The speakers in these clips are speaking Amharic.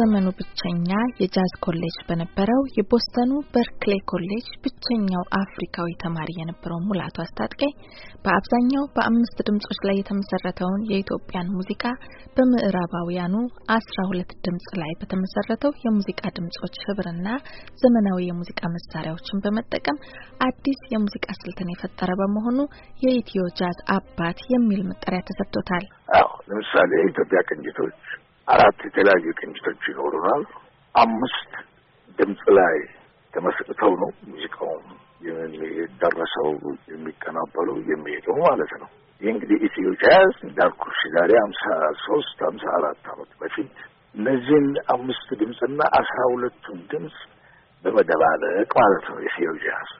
በዘመኑ ብቸኛ የጃዝ ኮሌጅ በነበረው የቦስተኑ በርክሌ ኮሌጅ ብቸኛው አፍሪካዊ ተማሪ የነበረው ሙላቱ አስታጥቄ በአብዛኛው በአምስት ድምጾች ላይ የተመሰረተውን የኢትዮጵያን ሙዚቃ በምዕራባውያኑ አስራ ሁለት ድምጽ ላይ በተመሰረተው የሙዚቃ ድምጾች ህብርና ዘመናዊ የሙዚቃ መሳሪያዎችን በመጠቀም አዲስ የሙዚቃ ስልትን የፈጠረ በመሆኑ የኢትዮ ጃዝ አባት የሚል መጠሪያ ተሰጥቶታል። አዎ ለምሳሌ የኢትዮጵያ ቅንጅቶች አራት የተለያዩ ቅንጅቶች ይኖሩናል። አምስት ድምፅ ላይ ተመስርተው ነው ሙዚቃውም የሚደረሰው የሚቀናበሉ የሚሄደው ማለት ነው። ይህ እንግዲህ ኢትዮ ጃዝ እንዳልኩሽ ዛሬ ሀምሳ ሶስት ሀምሳ አራት ዓመት በፊት እነዚህን አምስት ድምፅና አስራ ሁለቱን ድምፅ በመደባለቅ ማለት ነው ኢትዮ ጃዝ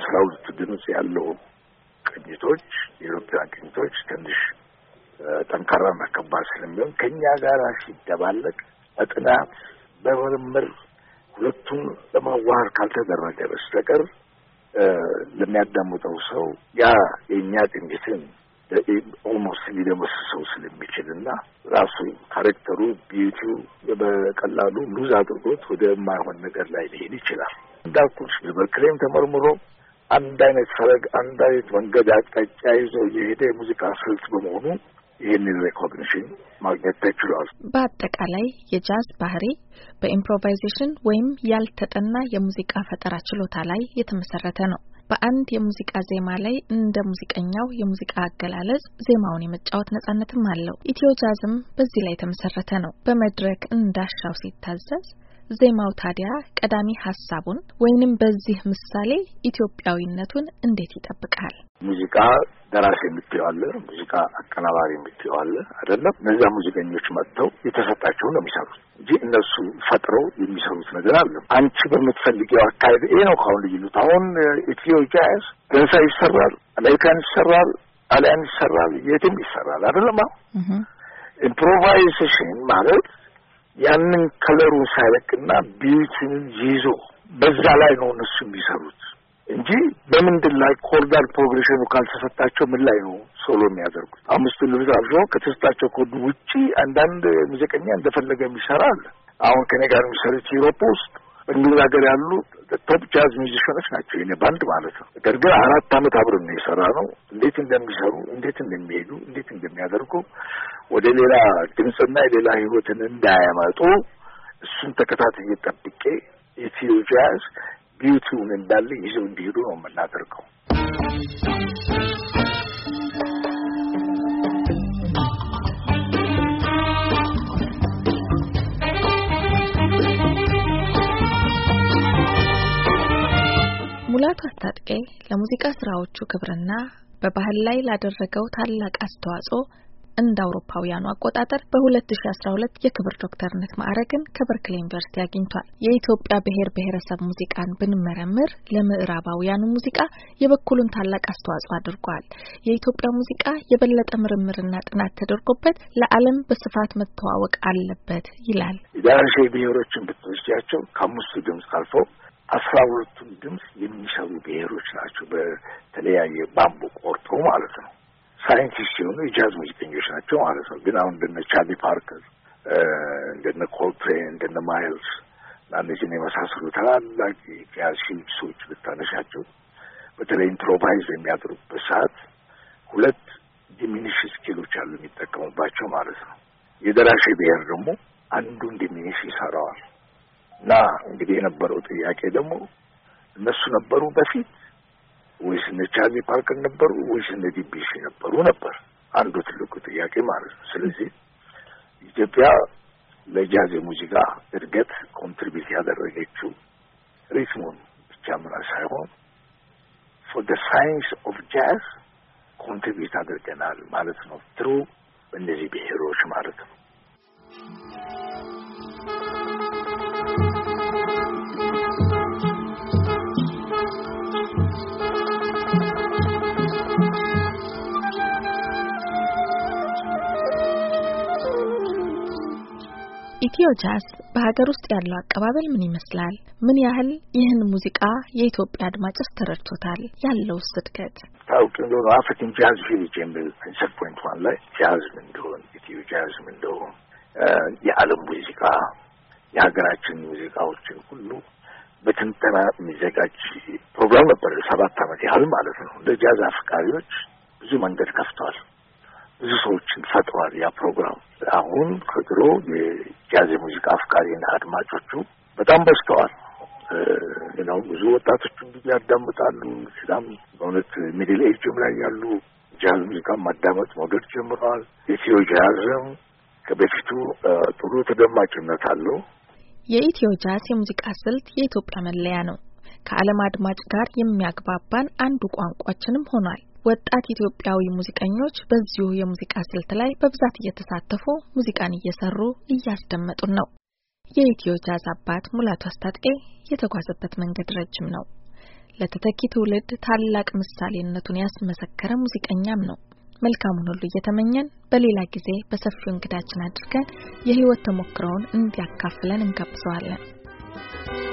አስራ ሁለቱ ድምፅ ያለው ቅኝቶች የኢሮፓውያን ቅኝቶች ትንሽ ጠንካራና ከባድ ስለሚሆን ከእኛ ጋር ሲደባለቅ በጥናት በምርምር ሁለቱም ለማዋሃር ካልተደረገ በስተቀር ለሚያዳምጠው ሰው ያ የእኛ ቅኝትን ኦልሞስት ሊደመስሰው ስለሚችል እና ራሱ ካሬክተሩ ቢዩቲው በቀላሉ ሉዝ አድርጎት ወደ የማይሆን ነገር ላይ ሊሄድ ይችላል። እንዳልኩሽ በክሌም ተመርምሮ አንድ አይነት ሰረግ አንድ አይነት መንገድ አቅጣጫ ይዞ የሄደ የሙዚቃ ስልት በመሆኑ ይህንን ሬኮግኒሽን ማግኘት ተችሏል። በአጠቃላይ የጃዝ ባህሪ በኢምፕሮቫይዜሽን ወይም ያልተጠና የሙዚቃ ፈጠራ ችሎታ ላይ የተመሰረተ ነው። በአንድ የሙዚቃ ዜማ ላይ እንደ ሙዚቀኛው የሙዚቃ አገላለጽ ዜማውን የመጫወት ነጻነትም አለው። ኢትዮ ጃዝም በዚህ ላይ የተመሰረተ ነው። በመድረክ እንዳሻው ሲታዘዝ ዜማው ታዲያ ቀዳሚ ሀሳቡን ወይንም በዚህ ምሳሌ ኢትዮጵያዊነቱን እንዴት ይጠብቃል? ሙዚቃ ደራሲ የምትየው አለ፣ ሙዚቃ አቀናባሪ የምትየው አለ አይደለም። እነዚያ ሙዚቀኞች መጥተው የተሰጣቸውን ነው የሚሰሩት እንጂ እነሱ ፈጥረው የሚሰሩት ነገር አለ። አንቺ በምትፈልጊው አካሄድ ይሄ ነው ከአሁን ልዩነት። አሁን ኢትዮ ጃዝ ደንሳ ይሰራል፣ አሜሪካን ይሰራል፣ ጣሊያን ይሰራል፣ የትም ይሰራል አይደለም። አሁን ኢምፕሮቫይዜሽን ማለት ያንን ከለሩን ሳይለቅና ቢዩቲን ይዞ በዛ ላይ ነው እነሱ የሚሰሩት እንጂ በምንድን ላይ ኮርዳል ፕሮግሬሽኑ ካልተሰጣቸው ምን ላይ ነው ሶሎ የሚያደርጉት? አምስቱ ልብስ አብሾ ከተሰጣቸው ኮድ ውጪ አንዳንድ ሙዚቀኛ እንደፈለገ የሚሰራ አለ። አሁን ከኔ ጋር የሚሰሩት ዩሮፕ ውስጥ እንግሊዝ ሀገር ያሉ ቶፕ ጃዝ ሚዚሽኖች ናቸው የኔ ባንድ ማለት ነው። ነገር ግን አራት አመት አብረን ነው የሰራ ነው። እንዴት እንደሚሰሩ እንዴት እንደሚሄዱ እንዴት እንደሚያደርጉ ወደ ሌላ ድምፅና የሌላ ህይወትን እንዳያመጡ እሱን ተከታትዬ ጠብቄ የኢትዮ ጃዝ ቢዩቲውን እንዳለ ይዘው እንዲሄዱ ነው የምናደርገው። ሙላቱ አስታጥቄ ለሙዚቃ ስራዎቹ ክብርና በባህል ላይ ላደረገው ታላቅ አስተዋጽኦ እንደ አውሮፓውያኑ አቆጣጠር በ2012 የክብር ዶክተርነት ማዕረግን ከበርክሌ ዩኒቨርሲቲ አግኝቷል። የኢትዮጵያ ብሔር ብሔረሰብ ሙዚቃን ብንመረምር ለምዕራባውያኑ ሙዚቃ የበኩሉን ታላቅ አስተዋጽኦ አድርጓል። የኢትዮጵያ ሙዚቃ የበለጠ ምርምርና ጥናት ተደርጎበት ለዓለም በስፋት መተዋወቅ አለበት ይላል። የአርሼ ብሔሮችን ብትወስጃቸው ከአምስቱ ድምፅ አልፈው አስራ ሁለቱን ድምፅ የሚሰሩ ብሔሮች ናቸው። በተለያየ ባምቡ ቆርጦ ማለት ነው። ሳይንቲስት ሲሆኑ የጃዝ ሙዚቀኞች ናቸው ማለት ነው። ግን አሁን እንደነ ቻርሊ ፓርከር፣ እንደነ ኮልትሬን፣ እንደነ ማይልስ እና እነዚህን የመሳሰሉ ታላላቅ የጃዝ ሂልሶች ብታነሻቸው በተለይ ኢንትሮቫይዝ የሚያድሩበት ሰዓት ሁለት ዲሚኒሽ ስኪሎች አሉ የሚጠቀሙባቸው ማለት ነው። የደራሽ ብሔር ደግሞ አንዱን ዲሚኒሽ ይሰራዋል። እና እንግዲህ የነበረው ጥያቄ ደግሞ እነሱ ነበሩ በፊት ወይስ እነ ቻቢ ፓርከር ነበሩ ወይስ እነ ነበሩ ነበር አንዱ ትልቁ ጥያቄ ማለት ነው። ስለዚህ ኢትዮጵያ ለጃዝ ሙዚቃ እድገት ኮንትሪቢዩት ያደረገችው ሪትሙን ብቻ ምና ሳይሆን ፎር ደ ሳይንስ ኦፍ ጃዝ ኮንትሪቢዩት አድርገናል ማለት ነው። ትሩ እነዚህ ብሔሮች ማለት ነው። ኢትዮ ጃዝ በሀገር ውስጥ ያለው አቀባበል ምን ይመስላል? ምን ያህል ይህን ሙዚቃ የኢትዮጵያ አድማጭስ ተረድቶታል? ያለው ስድገት ታውቅ እንደሆነ አፍሪካን ጃዝ ቪሊጅ የሚል ኢንሰር ፖይንት ዋን ላይ ጃዝ ምን እንደሆን ኢትዮ ጃዝ ምን እንደሆን የዓለም ሙዚቃ የሀገራችን ሙዚቃዎችን ሁሉ በትንተና የሚዘጋጅ ፕሮግራም ነበር። ሰባት ዓመት ያህል ማለት ነው። እንደ ጃዝ አፍቃሪዎች ብዙ መንገድ ከፍተዋል። ብዙ ሰዎችን ፈጥሯል። ያ ፕሮግራም አሁን ከድሮ የጃዝ ሙዚቃ አፍቃሪና አድማጮቹ በጣም በዝተዋል ነው። ብዙ ወጣቶች ያዳምጣሉ። በጣም በእውነት ሚድል ኤጅም ላይ ያሉ ጃዝ ሙዚቃ ማዳመጥ መውደድ ጀምረዋል። ኢትዮ ጃዝም ከበፊቱ ጥሩ ተደማጭነት አለው። የኢትዮ ጃዝ የሙዚቃ ስልት የኢትዮጵያ መለያ ነው። ከዓለም አድማጭ ጋር የሚያግባባን አንዱ ቋንቋችንም ሆኗል። ወጣት ኢትዮጵያዊ ሙዚቀኞች በዚሁ የሙዚቃ ስልት ላይ በብዛት እየተሳተፉ ሙዚቃን እየሰሩ እያስደመጡን ነው። የኢትዮ ጃዝ አባት ሙላቱ አስታጥቄ የተጓዘበት መንገድ ረጅም ነው። ለተተኪ ትውልድ ታላቅ ምሳሌነቱን ያስመሰከረ ሙዚቀኛም ነው። መልካሙን ሁሉ እየተመኘን በሌላ ጊዜ በሰፊው እንግዳችን አድርገን የህይወት ተሞክሮውን እንዲያካፍለን እንጋብዘዋለን።